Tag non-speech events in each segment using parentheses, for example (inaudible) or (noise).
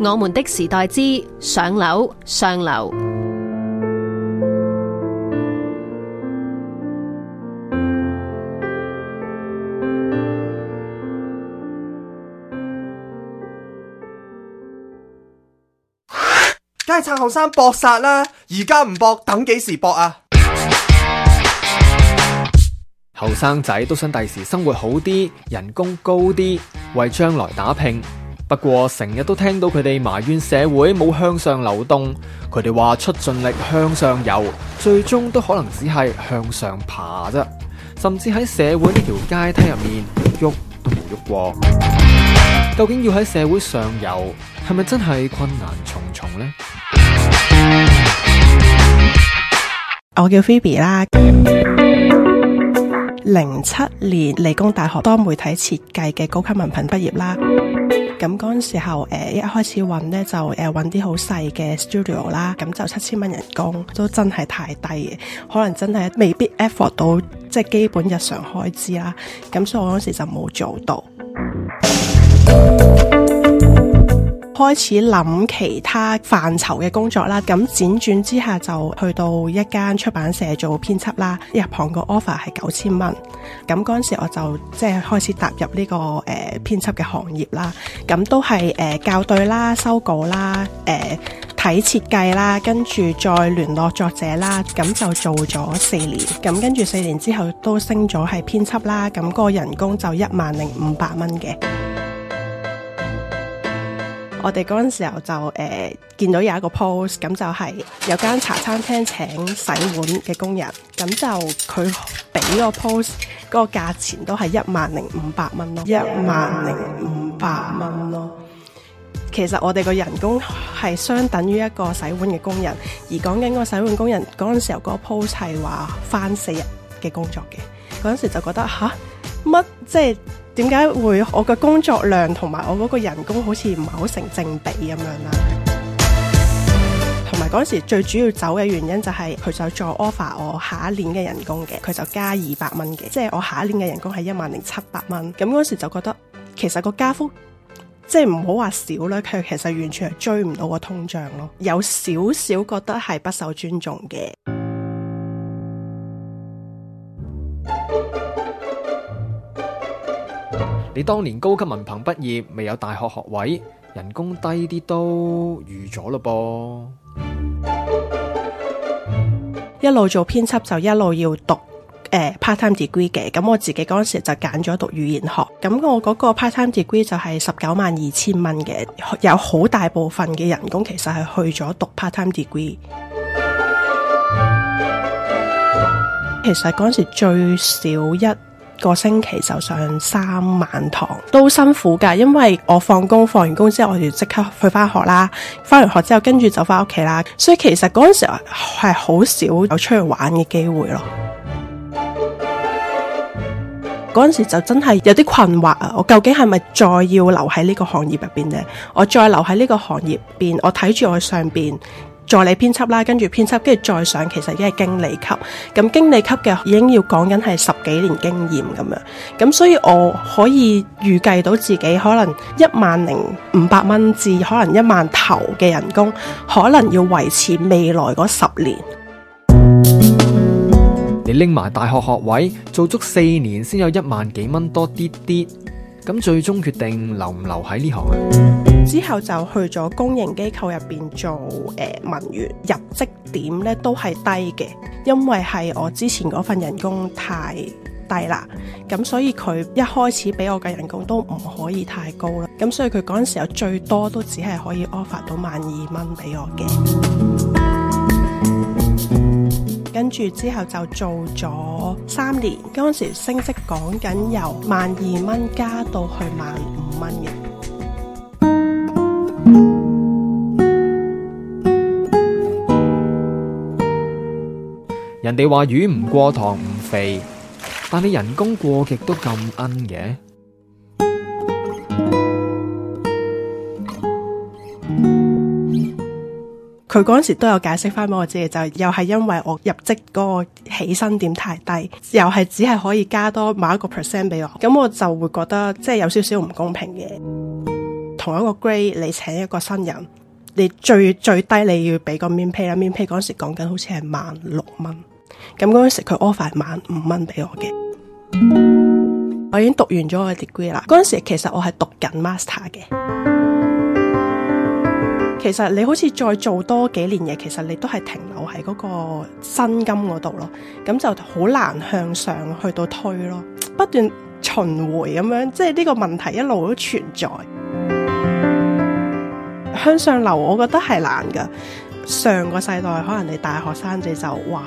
我們的時代之上樓，上流，梗係趁後生搏殺啦！而家唔搏，等幾時搏啊？後生仔都想第時生活好啲，人工高啲，為將來打拼。不過成日都聽到佢哋埋怨社會冇向上流動，佢哋話出盡力向上游，最終都可能只係向上爬啫，甚至喺社會呢條階梯入面喐都冇喐過。究竟要喺社會上游，係咪真係困難重重呢？我叫 Phoebe 啦，零七年理工大學多媒體設計嘅高級文憑畢業啦。咁嗰陣時候，一開始揾呢，就誒揾啲好細嘅 studio 啦，咁就七千蚊人工都真係太低，可能真係未必 afford 到即係、就是、基本日常開支啦。咁所以我嗰時就冇做到。開始諗其他範疇嘅工作啦，咁輾轉之下就去到一間出版社做編輯啦，入行個 offer 係九千蚊，咁嗰陣時我就即係開始踏入呢、這個誒、呃、編輯嘅行業啦，咁都係誒校對啦、修稿啦、誒、呃、睇設計啦，跟住再聯絡作者啦，咁就做咗四年，咁跟住四年之後都升咗係編輯啦，咁、那個個人工就一萬零五百蚊嘅。我哋嗰陣時候就誒、呃、見到有一個 post 咁就係有間茶餐廳請洗碗嘅工人，咁就佢俾個 post 嗰個價錢都係一萬零五百蚊咯，一萬零五百蚊咯。其實我哋個人工係相等於一個洗碗嘅工人，而講緊個洗碗工人嗰陣時候嗰個 post 係話返四日嘅工作嘅，嗰陣時就覺得吓？乜？即係。點解會我嘅工作量同埋我嗰個人工好似唔係好成正比咁樣啦？同埋嗰陣時最主要走嘅原因就係佢就再 offer 我下一年嘅人工嘅，佢就加二百蚊嘅，即係我下一年嘅人工係一萬零七百蚊。咁嗰陣時就覺得其實個加幅即係唔好話少啦，佢其實完全係追唔到個通脹咯，有少少覺得係不受尊重嘅。你當年高級文憑畢業未有大學學位，人工低啲都預咗嘞噃。一路做編輯就一路要讀誒、呃、part time degree 嘅，咁我自己嗰陣時就揀咗讀語言學。咁我嗰個 part time degree 就係十九萬二千蚊嘅，有好大部分嘅人工其實係去咗讀 part time degree。 (music) 其實嗰陣時最少一。一個星期就上三晚堂，都辛苦噶。因為我放工，放完工之後，我就即刻去翻學啦。翻完學之後，跟住就翻屋企啦。所以其實嗰陣時候係好少有出去玩嘅機會咯。嗰陣時候就真係有啲困惑啊！我究竟係咪再要留喺呢個行業入邊呢？我再留喺呢個行業邊，我睇住我上邊。助理編輯啦，跟住編輯，跟住再上，其實已經係經理級。咁經理級嘅已經要講緊係十幾年經驗咁樣。咁所以我可以預計到自己可能一萬零五百蚊至可能一萬頭嘅人工，可能要維持未來嗰十年。你拎埋大學學位，做足四年先有一萬幾蚊多啲啲。咁最終決定留唔留喺呢行啊？之後就去咗公營機構入邊做誒、呃、文員，入職點咧都係低嘅，因為係我之前嗰份人工太低啦。咁所以佢一開始俾我嘅人工都唔可以太高啦。咁所以佢嗰陣時候最多都只係可以 offer 到萬二蚊俾我嘅。跟住之後就做咗三年，嗰陣時升職講緊由萬二蚊加到去萬五蚊嘅。人哋話魚唔過塘唔肥，但你人工過極都咁奀嘅。佢嗰陣時都有解釋翻俾我知，嘅，就又係因為我入職嗰個起薪點太低，又係只係可以加多某一個 percent 俾我，咁我就會覺得即係有少少唔公平嘅。同一個 grade 你請一個新人，你最最低你要俾個面 pay 啦，面 pay 嗰陣時講緊好似係萬六蚊，咁嗰陣時佢 offer 萬五蚊俾我嘅。我已經讀完咗我嘅 degree 啦，嗰陣時其實我係讀緊 master 嘅。其實你好似再做多幾年嘢，其實你都係停留喺嗰個薪金嗰度咯，咁就好難向上去到推咯，不斷循環咁樣，即係呢個問題一路都存在。向上流，我覺得係難噶。上個世代可能你大學生仔就哇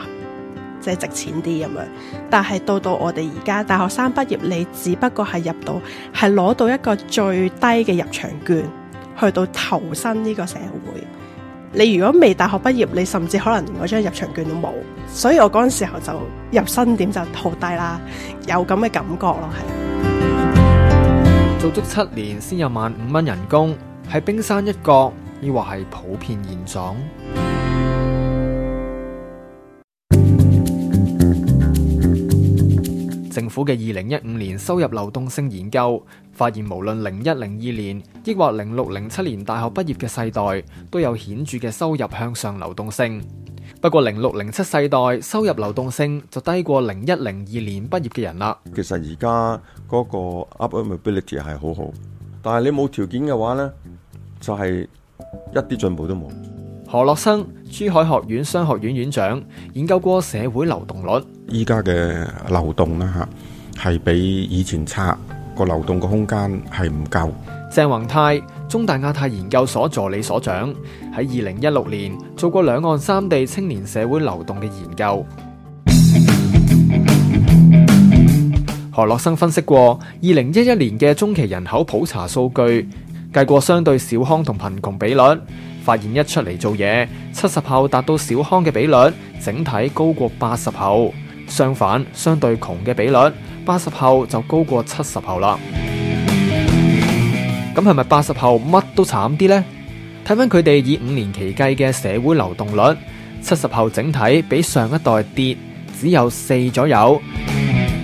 即係、就是、值錢啲咁樣，但係到到我哋而家大學生畢業，你只不過係入到係攞到一個最低嘅入場券。去到投身呢個社會，你如果未大學畢業，你甚至可能連嗰張入場券都冇，所以我嗰陣時候就入身點就好低啦，有咁嘅感覺咯，係。做足七年先有萬五蚊人工，喺冰山一角，抑或係普遍現狀。政府嘅二零一五年收入流動性研究發現，無論零一零二年，抑或零六零七年大學畢業嘅世代，都有顯著嘅收入向上流動性。不過，零六零七世代收入流動性就低過零一零二年畢業嘅人啦。其實而家嗰個 upward mobility 係好好，但係你冇條件嘅話咧，就係、是、一啲進步都冇。何樂生，珠海學院商學院院長，研究過社會流動率。依家嘅流動啦吓，係比以前差，個流動嘅空間係唔夠。鄭宏泰，中大亞太研究所助理所長，喺二零一六年做過兩岸三地青年社會流動嘅研究。 (music) 何樂生分析過二零一一年嘅中期人口普查數據，計過相對小康同貧窮比率。發現一出嚟做嘢，七十後達到小康嘅比率整體高過八十後。相反，相對窮嘅比率，八十後就高過七十後啦。咁係咪八十後乜都慘啲呢？睇翻佢哋以五年期計嘅社會流動率，七十後整體比上一代跌只有四左右，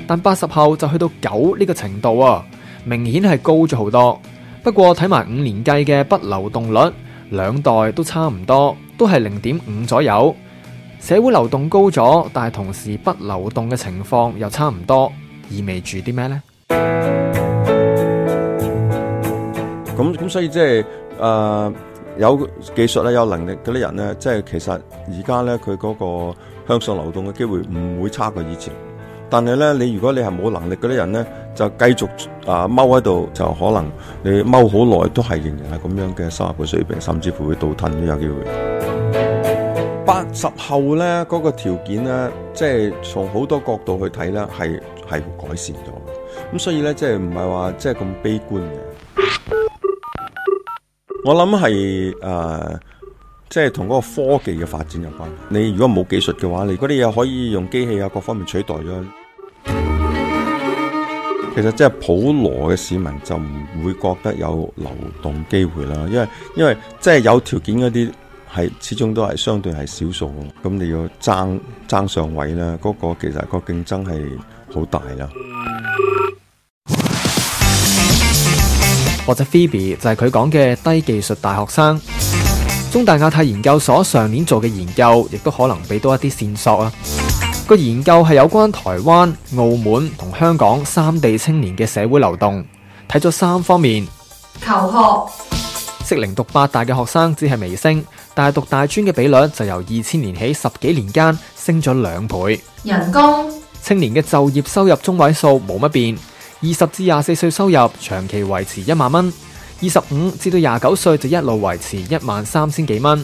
但八十後就去到九呢個程度啊，明顯係高咗好多。不過睇埋五年計嘅不流動率。兩代都差唔多，都係零點五左右。社會流動高咗，但係同時不流動嘅情況又差唔多，意味住啲咩呢？咁咁所以即係誒，有技術咧、有能力嗰啲人咧，即係其實而家咧，佢嗰個向上流動嘅機會唔會差過以前。但係咧，你如果你係冇能力嗰啲人咧，就繼續啊踎喺度，就可能你踎好耐都係仍然係咁樣嘅收入水平，甚至乎會倒褪都有機會80。八十後咧嗰個條件咧，即係從好多角度去睇咧，係係改善咗，咁所以咧，即係唔係話即係咁悲觀嘅。我諗係誒，即係同嗰個科技嘅發展有關。你如果冇技術嘅話，你嗰啲嘢可以用機器啊，各方面取代咗。其實即係普羅嘅市民就唔會覺得有流動機會啦，因為因為即係有條件嗰啲係始終都係相對係少數，咁你要爭爭上位咧，嗰個其實個競爭係好大啦。或者 Phoebe 就係佢講嘅低技術大學生，中大亞太研究所上年做嘅研究，亦都可能俾多一啲線索啊。個研究係有關台灣、澳門同香港三地青年嘅社會流動，睇咗三方面：求學適齡讀八大嘅學生只係微升，但係讀大專嘅比率就由二千年起十幾年間升咗兩倍。人工青年嘅就業收入中位數冇乜變，二十至廿四歲收入長期維持一萬蚊。二十五至到廿九歲就一路維持一萬三千幾蚊，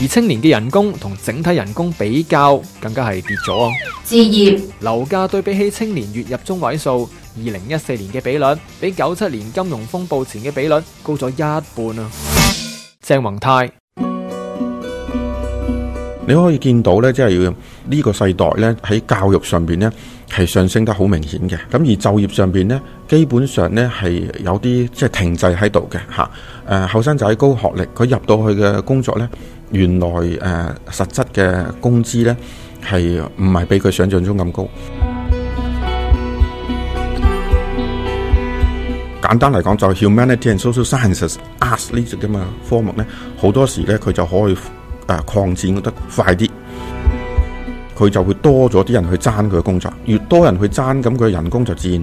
而青年嘅人工同整體人工比較，更加係跌咗。置業樓價對比起青年月入中位數，二零一四年嘅比率，比九七年金融風暴前嘅比率高咗一半啊！鄭宏泰，你可以見到咧，即係要呢個世代咧喺教育上面咧。係上升得好明顯嘅，咁而就業上邊咧，基本上咧係有啲即係停滯喺度嘅嚇。誒後生仔高學歷，佢入到去嘅工作咧，原來誒、啊、實質嘅工資咧係唔係比佢想像中咁高？簡單嚟講，就 humanity and social sciences arts 呢啲咁嘅科目咧，好多時咧佢就可以誒、啊、擴展得快啲。佢就會多咗啲人去爭佢嘅工作，越多人去爭，咁佢人工就自然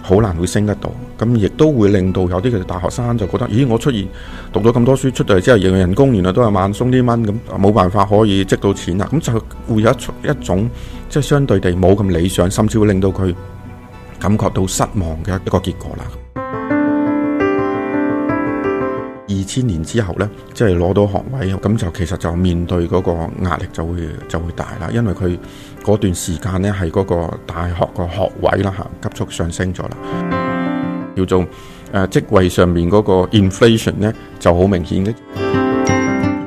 好難會升得到。咁亦都會令到有啲嘅大學生就覺得，咦！我出現讀咗咁多書出嚟之後，人工原來都係萬鬆啲蚊咁，冇辦法可以積到錢啦。咁就會有一一種即係、就是、相對地冇咁理想，甚至會令到佢感覺到失望嘅一個結果啦。千年之後呢，即係攞到學位，咁就其實就面對嗰個壓力就會就會大啦，因為佢嗰段時間呢，係嗰個大學個學位啦吓，急速上升咗啦。叫做誒職位上面嗰個 inflation 呢，就好明顯嘅。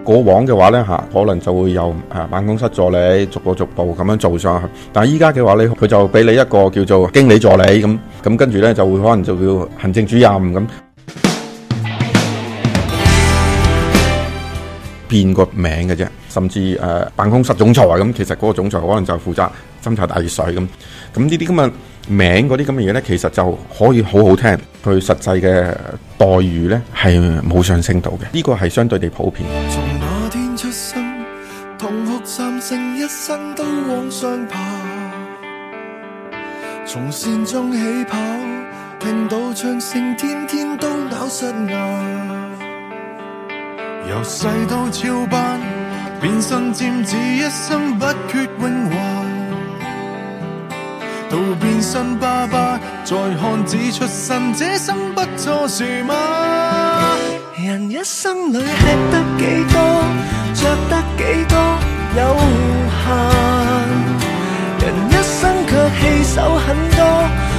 過往嘅話呢，吓，可能就會有誒辦公室助理，逐步逐步咁樣做上去。但係依家嘅話呢，佢就俾你一個叫做經理助理咁，咁跟住呢，就會可能就叫行政主任咁。變個名嘅啫，甚至誒、呃、辦公室總裁咁，其實嗰個總裁可能就負責斟茶打熱水咁。咁呢啲咁嘅名嗰啲咁嘅嘢咧，其實就可以好好聽，佢實際嘅待遇咧係冇上升到嘅。呢個係相對地普遍的。從那天出生，同學三成一生都往上爬；從善中起跑，聽到唱勝天天都鬧由細到超班變身尖子，一生不缺榮華。到變身爸爸，在看子出生，這生不錯是嗎？人一生裏吃得幾多，着得幾多有限，人一生卻棄守很多。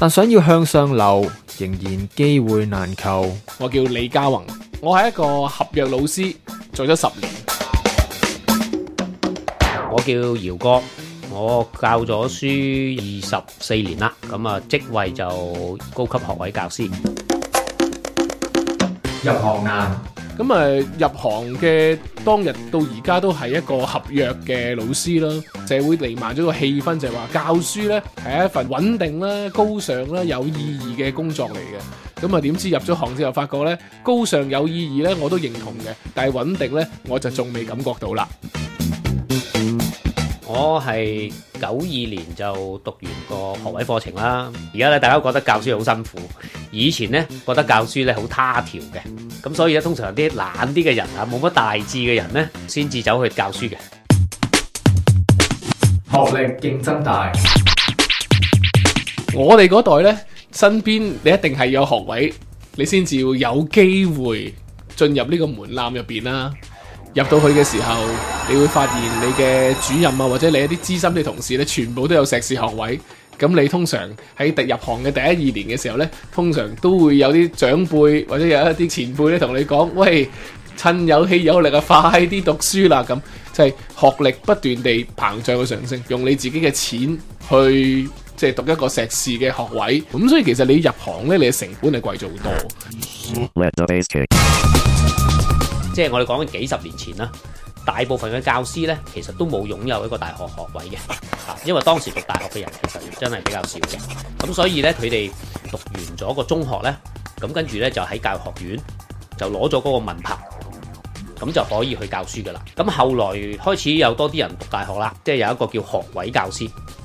但想要向上流，仍然機會難求。我叫李嘉宏，我係一個合約老師，做咗十年。我叫姚哥，我教咗書二十四年啦，咁啊職位就高級學位教師。入行啊。咁啊，入行嘅當日到而家都係一個合約嘅老師啦，社會彌漫咗個氣氛，就係話教書呢係一份穩定啦、高尚啦、有意義嘅工作嚟嘅。咁啊，點知入咗行之後發覺呢高尚有意義呢我都認同嘅，但係穩定呢我就仲未感覺到啦。我係九二年就讀完個學位課程啦。而家咧，大家覺得教書好辛苦。以前咧，覺得教書咧好他條嘅，咁所以咧，通常啲懶啲嘅人啊，冇乜大志嘅人咧，先至走去教書嘅。學歷競爭大，我哋嗰代咧，身邊你一定係有學位，你先至要有機會進入呢個門檻入邊啦。入到去嘅時候，你會發現你嘅主任啊，或者你一啲資深嘅同事呢，全部都有碩士學位。咁你通常喺入行嘅第一二年嘅時候呢，通常都會有啲長輩或者有一啲前輩咧同你講：喂，趁有氣有力啊，快啲讀書啦！咁即係學歷不斷地膨脹嘅上升，用你自己嘅錢去即係、就是、讀一個碩士嘅學位。咁所以其實你入行呢，你嘅成本係貴咗好多。Let the 即係我哋講緊幾十年前啦，大部分嘅教師呢，其實都冇擁有一個大學學位嘅，因為當時讀大學嘅人其實真係比較少嘅，咁所以呢，佢哋讀完咗個中學呢，咁跟住呢就喺教育學院就攞咗嗰個文憑，咁就可以去教書㗎啦。咁後來開始有多啲人讀大學啦，即係有一個叫學位教師。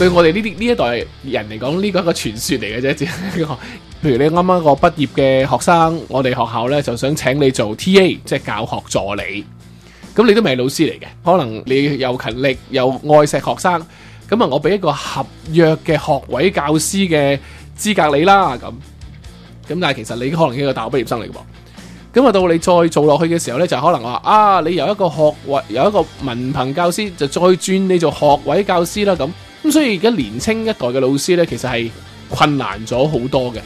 對我哋呢啲呢一代人嚟講，呢個係個傳說嚟嘅啫。譬如你啱啱個畢業嘅學生，我哋學校呢就想請你做 T.A.，即係教學助理。咁你都未係老師嚟嘅，可能你又勤力又愛錫學生。咁啊，我俾一個合約嘅學位教師嘅資格你啦。咁咁，但係其實你可能係一個大學畢業生嚟嘅。咁啊，到你再做落去嘅時候呢，就可能話啊，你由一個學位，由一個文憑教師就再轉你做學位教師啦。咁。所以而家年青一代嘅老師咧，其實係困難咗好多嘅。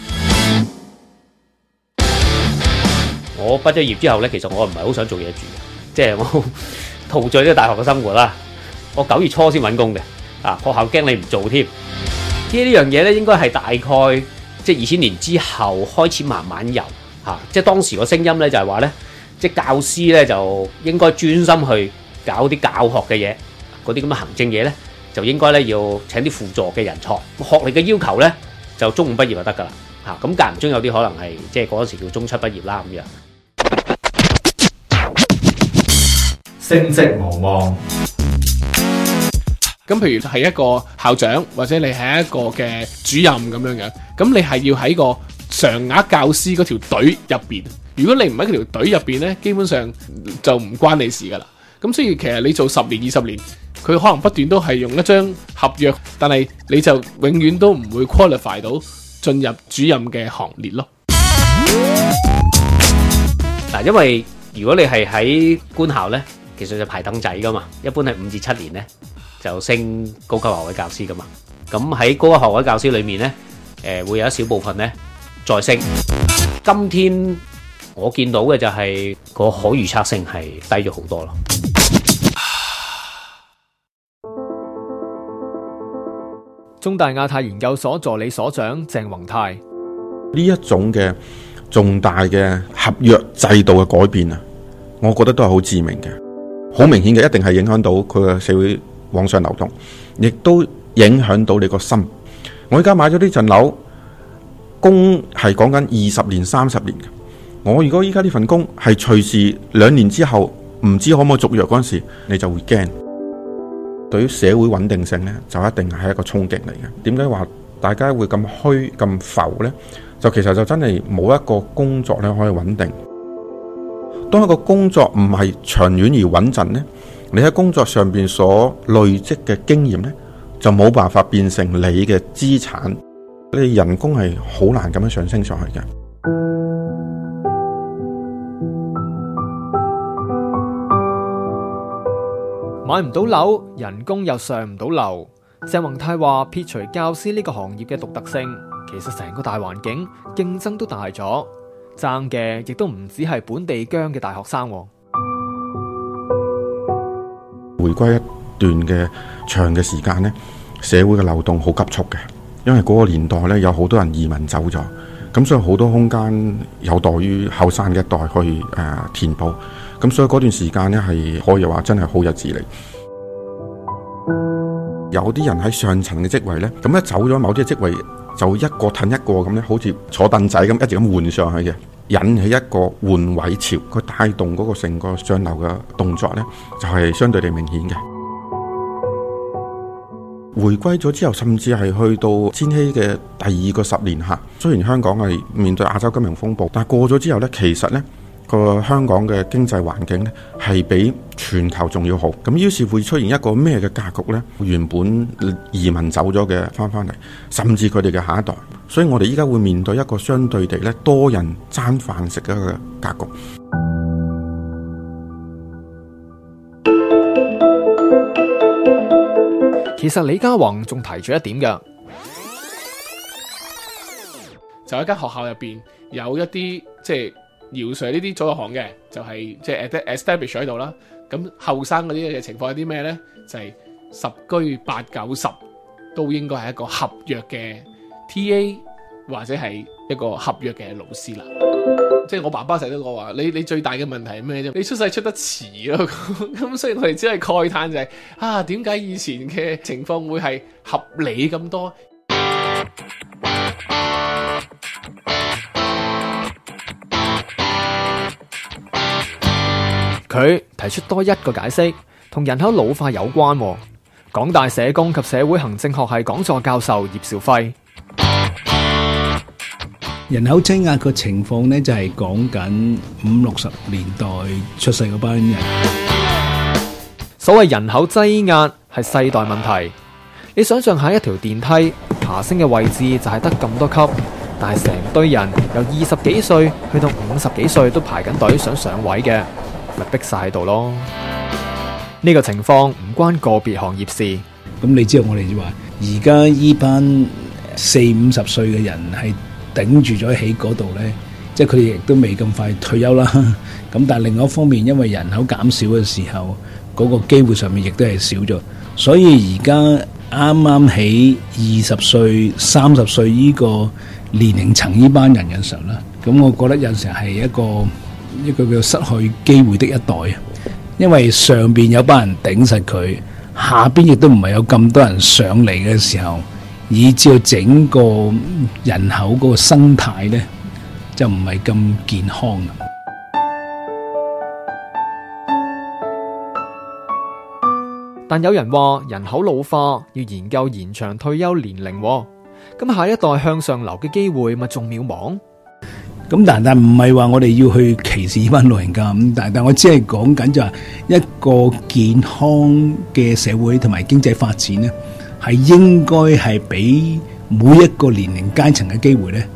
我畢咗業之後咧，其實我唔係好想做嘢住，即係我陶醉呢個大學嘅生活啦。我九月初先揾工嘅，啊，學校驚你唔做添。呢呢樣嘢咧，呢應該係大概即係二千年之後開始慢慢有吓，啊。即係當時個聲音咧，就係話咧，即係教師咧就應該專心去搞啲教學嘅嘢，嗰啲咁嘅行政嘢咧。就應該咧要請啲輔助嘅人才，學歷嘅要求呢，就中五畢業就得噶啦嚇。咁間唔中有啲可能係即係嗰陣時叫中七畢業啦咁樣。升職無望。咁譬如係一個校長或者你係一個嘅主任咁樣樣，咁你係要喺個常額教師嗰條隊入邊。如果你唔喺條隊入邊呢，基本上就唔關你事噶啦。咁所以其實你做十年二十年。佢可能不斷都係用一張合約，但係你就永遠都唔會 qualify 到進入主任嘅行列咯。嗱，因為如果你係喺官校呢，其實就排等仔噶嘛，一般係五至七年呢，就升高級學位教師噶嘛。咁喺高級學位教師裏面呢，誒、呃、會有一小部分呢再升。今天我見到嘅就係個可預測性係低咗好多咯。中大亞太研究所助理所長鄭宏泰，呢一種嘅，重大嘅合約制度嘅改變啊，我覺得都係好致命嘅，好明顯嘅，一定係影響到佢嘅社會往上流動，亦都影響到你個心。我而家買咗呢層樓，供係講緊二十年，三十年嘅。我如果依家呢份工係隨時兩年之後唔知可唔可以續約嗰陣時，你就會驚。對於社會穩定性咧，就一定係一個衝擊嚟嘅。點解話大家會咁虛咁浮呢？就其實就真係冇一個工作咧可以穩定。當一個工作唔係長遠而穩陣咧，你喺工作上邊所累積嘅經驗咧，就冇辦法變成你嘅資產。你人工係好難咁樣上升上去嘅。買唔到樓，人工又上唔到樓。鄭宏泰話：撇除教師呢個行業嘅獨特性，其實成個大環境競爭都大咗，爭嘅亦都唔止係本地姜嘅大學生。回歸一段嘅長嘅時間呢，社會嘅流動好急速嘅，因為嗰個年代呢，有好多人移民走咗，咁所以好多空間有待於後生一代去誒填補。咁所以嗰段時間呢，係可以話真係好有子力。有啲人喺上層嘅職位呢，咁一走咗某啲職位，就一個褪一個咁呢，好似坐凳仔咁，一直咁換上去嘅，引起一個換位潮，佢帶動嗰個成個上流嘅動作呢，就係、是、相對地明顯嘅。回歸咗之後，甚至係去到千禧嘅第二個十年嚇。雖然香港係面對亞洲金融風暴，但係過咗之後呢，其實呢。個香港嘅經濟環境咧，係比全球仲要好。咁於是會出現一個咩嘅格局呢？原本移民走咗嘅返返嚟，甚至佢哋嘅下一代。所以我哋依家會面對一個相對地咧多人爭飯食嘅一個格局。其實李嘉宏仲提咗一點嘅，就喺間學校入邊有一啲即係。就是姚 Sir 呢啲左行嘅就係即係 establish 喺度啦，咁後生嗰啲嘅情況有啲咩咧？就係、是、十居八九十都應該係一個合約嘅 TA 或者係一個合約嘅老師啦。即係、 (music) (music) 就是、我爸爸成日都講話，你你最大嘅問題係咩啫？你出世出得遲咯，咁 (laughs) 所以我哋只係慨嘆就係、是、啊，點解以前嘅情況會係合理咁多？佢提出多一個解釋，同人口老化有關。港大社工及社會行政學系講座教授葉兆輝，人口擠壓嘅情況呢就係講緊五六十年代出世嗰班人。所謂人口擠壓係世代問題，你想象下一條電梯爬升嘅位置就係得咁多級，但係成堆人由二十幾歲去到五十幾歲都排緊隊想上位嘅。咪逼晒喺度咯！呢個情況唔關個別行業事。咁你知道我哋就話，而家呢班四五十歲嘅人係頂住咗喺嗰度呢，即係佢哋亦都未咁快退休啦。咁但係另外一方面，因為人口減少嘅時候，嗰個機會上面亦都係少咗。所以而家啱啱喺二十歲、三十歲呢個年齡層呢班人嘅時候咧，咁我覺得有時候係一個。一個叫失去機會的一代啊，因為上邊有班人頂實佢，下邊亦都唔係有咁多人上嚟嘅時候，以至整個人口嗰個生態呢就唔係咁健康。但有人話人口老化要研究延長退休年齡喎，咁下一代向上流嘅機會咪仲渺茫？咁但但唔係話我哋要去歧視呢班老人家咁，但但我只係講緊就話一個健康嘅社會同埋經濟發展咧，係應該係俾每一個年齡階層嘅機會咧，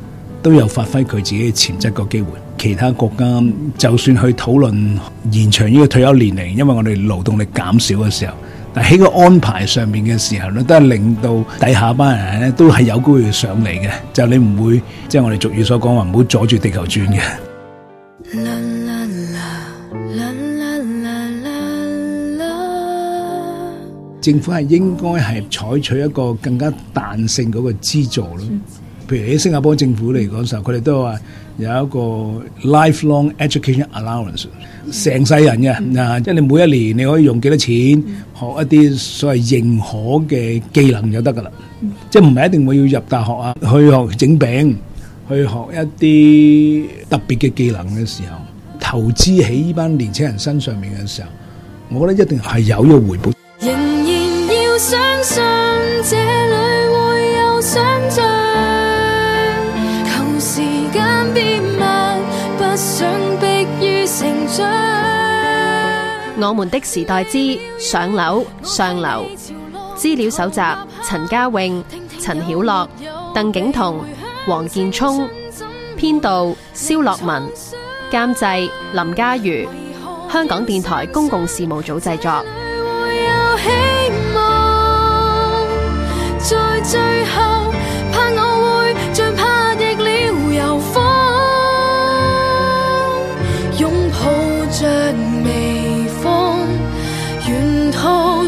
都有發揮佢自己嘅潛質嘅機會。其他國家就算去討論延長呢個退休年齡，因為我哋勞動力減少嘅時候。喺個安排上面嘅時候咧，都係令到底下班人咧都係有機會上嚟嘅，就你唔會即係、就是、我哋俗語所講話唔好阻住地球轉嘅。 (music) 政府係應該係採取一個更加彈性嗰個資助咯，譬如喺新加坡政府嚟講時候，佢哋都話。有一個 lifelong education allowance，成世人嘅，啊，即係你每一年你可以用幾多錢學一啲所謂認可嘅技能就得㗎啦，即係唔係一定會要入大學啊，去學整餅，去學一啲特別嘅技能嘅時候，投資喺呢班年青人身上面嘅時候，我覺得一定係有一個回報。我們的時代之上樓上流資料搜集：陳家穎、陳曉樂、鄧景彤、黃建聰，編導：蕭樂文，監製：林嘉如，香港電台公共事務組製作。 (music)